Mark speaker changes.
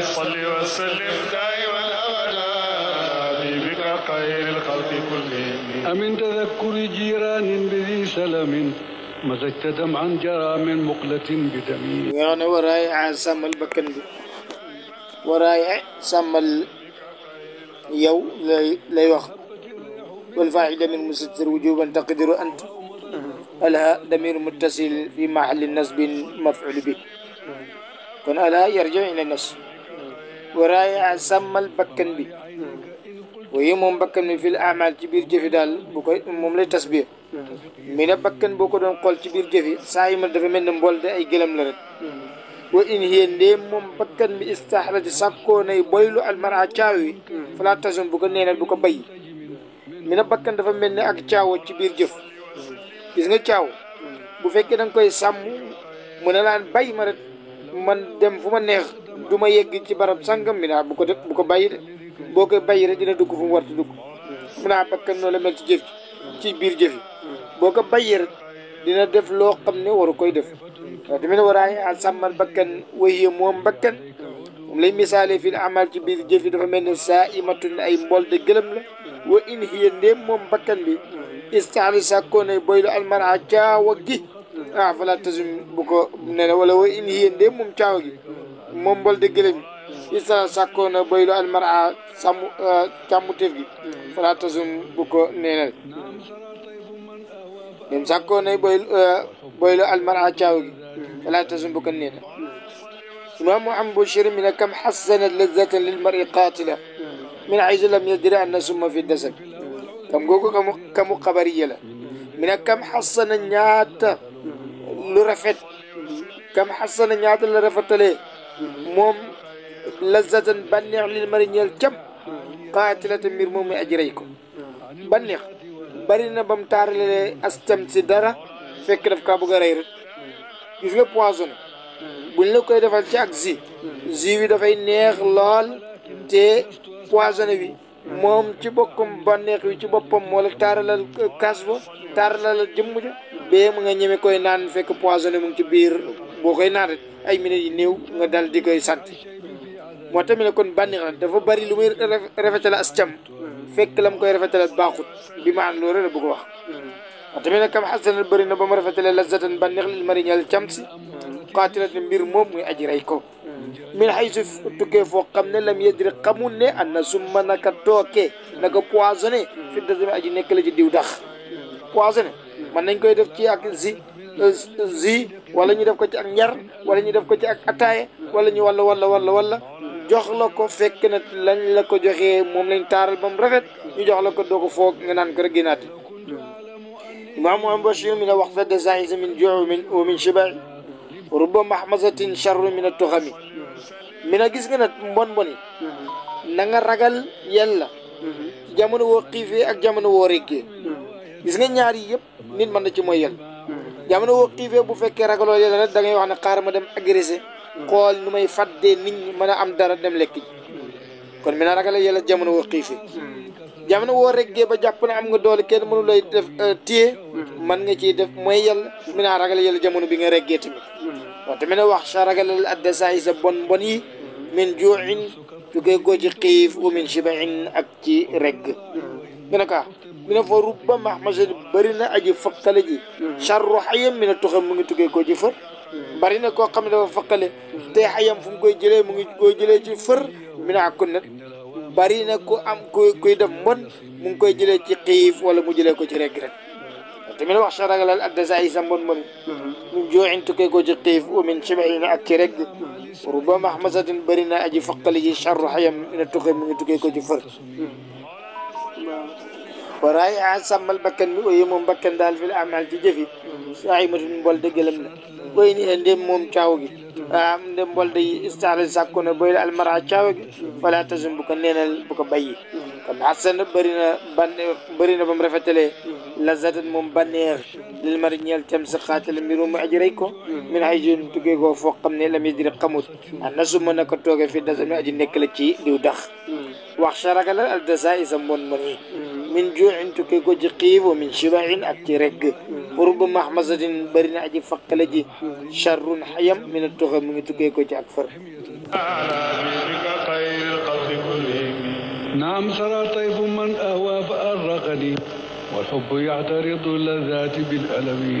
Speaker 1: صل وسلم دائما ابدا بك خير الخلق كلهم امن تذكر جيران بذي سلم مزجت دمعا جرى من مقلة بدمي
Speaker 2: يعني وراي سم البكندي وراي سم ال... يو لا يوخ والفاعل من مستر وجوبا تقدر انت الها ضمير متصل في محل نصب مفعول به كن الها يرجع الى النصب وراي سمال بكن بي وي موم بكن في الاعمال تي بير جيفي دال بوكاي موم لي تسبيح مينا بكن بوكو دون خول تي بير جيفي ساي ما دافي ملني مبول دي اي گلم لا ريت وان هي ندي موم بكن مي استحرج ساكو ناي بويلو المرا تشاوي فلا تزم بوكو نينال بوكو باي مينا بكن دافا ملني اك تشاو تي بير جيف گيس نغا تشاو بو فكي دنگ كوي سامو مونالان باي ما ريت man dem fu ma neex du ma yegg ci barab sàngam mi naa bu ko def bu ko bàyyi de boo koy bàyyi dina dugg fu mu war a dugg mu naa bakkan noonu la mel ci jëf ci biir jëf boo ko bàyyi rek dina def loo xam ne war koy def waaw tamit waraay a sàmmal bakkan waye moom bakkan moom lay misaale fii amal ci biir jëf dafa mel ne saa imatun ay mbool de gëlëm la wa in hiya ndéem moom bakkan bi istaali sàkkoonay boy lu almara caawa gi ah fala tasum bu ko ne la wala way in hiyen de moom caawa gi moom mbol de gëlëm isa sàkkoona baylu almara sàmm càmmuteef gi fala tasum bu ko neenal dem sàkkoona baylu baylu almara caawa gi fala tasum bu ko neenal إمام عم بشير من كم حسنت لذة للمرء قاتلة من حيث لم يدري أن سم في الدسم كم جوكو كم كم قبرية من كم حسن نيات lu rafet kam xasana ñaata la rafetalee moom lazatan bànneex lil mari ñeel jam xaatilata mbir moom mi aji rey ko bànneex bari na bam taaralee as cam si dara fekk daf kaa bëgg a rey rek gis nga poisson buñ la koy defal ci ak zi zi bi dafay neex lool te poisson bi moom ci bokkum bànneex wi ci boppam moo la taaralal kaas ba taaralal jëmm ja bee mu nga ñeme koy naan fekk poisonné mu ngi ci biir boo koy naan rek ay minutes yi néew nga dal di koy sant moo tamit ne kon bànneex la dafa bari lu muy la as cam fekk la mu koy rafetal baaxut bi ma an loolu la bëgg wax moo tamit ne kam xasanal bëri na ba mu rafetale lazatan bànneex lil mariñal cam si xaatilat ne mbir moom muy aji rey ko min xay su tukkee foo xam ne lam yedri xamul ne ana na summa naka tookee naka poisonné fi dasami aji nekk la ci diw dax poisonné man nañ koy def ci ak zi zi wala ñu def ko ci ak njar wala ñu def ko ci ak ataaya wala ñu walla walla walla walla jox la ko fekk na lañ la ko joxee moom lañ taaral ba mu rafet ñu jox la ko doo ko foog nga naan ko rek ginaat imaamu am bashir min wax fedde zaïsa min joo min wa min shibai ruba mahmasatin charru min a tuxami mi na gis nga nag mbon mboni na nga ragal yàlla
Speaker 1: mm-hmm.
Speaker 2: jamono woo xiifee ak jamono woo rekkee gis nga ñaari yëpp nit man na ci mooy yel jamono wo xiifee bu fekkee ragaloo yàlla nag da ngay wax ne xaar ma dem agressé. xol nu may fàddee nit ñi mëna am dara dem lekk kon mi naa ragale yàlla jamono wo xiifee. jamono wo regge ba jàpp ne am nga doole kenn mënu lay def tié man nga ci def mooy yel mi naa ragale yàlla jamono bi nga regge tamit. wante mi ne wax sa ragalal addasaa yi sa bon bon yi. min juuin tukkee ko ci xif u min shibain ak ci regg. gën a mi ne fa rubba mahmasani bëri na aji fakkale ji mhm. charru xayam mi ne tuxam mu ngi tuggee koo ci fër mhm. bëri na koo xam ne dafa fakkale mhm. te xayam fu mu koy jëlee mu ngi koy jëlee ci fër mi ne àkku net bëri na ku am ko kuy def mbon mu ngi koy jëlee ci xiif wala mu jëlee ko ci regg rek te mi ne wax charagalal addasa yi sa mbon mbon mu jooxin tukkee koo ci xiif wa min chibaina ak ci regg rubba mahmasatin bëri na aji fakkale ji charru xayam mi ne tuxam mu ngi tuggee ko ci fër وراي سمال بكن وي موم بكن دال في الاعمال في جفي ساي مر مبول دغلم وي ني اندي موم تاوغي ام ندم بول دي استال زاكو نه بويل المرا تاوغي فلا تزم بوك نينال بوك باي كان حسن برينا بان برينا بام رفتلي لذات موم بانير للمر نيال تم سخات الميرو ماجريكو من حيجون تيغو فوقم ني لامي دير خموت الناس منك توغي في دزنو اجي نيك لا تي ديو داخ واخ شركه لا الدزاي زمون مني من جوع تكي كو جقيف ومن شبع أترق قرب محمزة برنا أجي فقلجي شر حيم من التغم من تكي كو جاكفر
Speaker 1: نعم سرى طيف من أهوى فأرقني والحب يعترض اللذات بالألم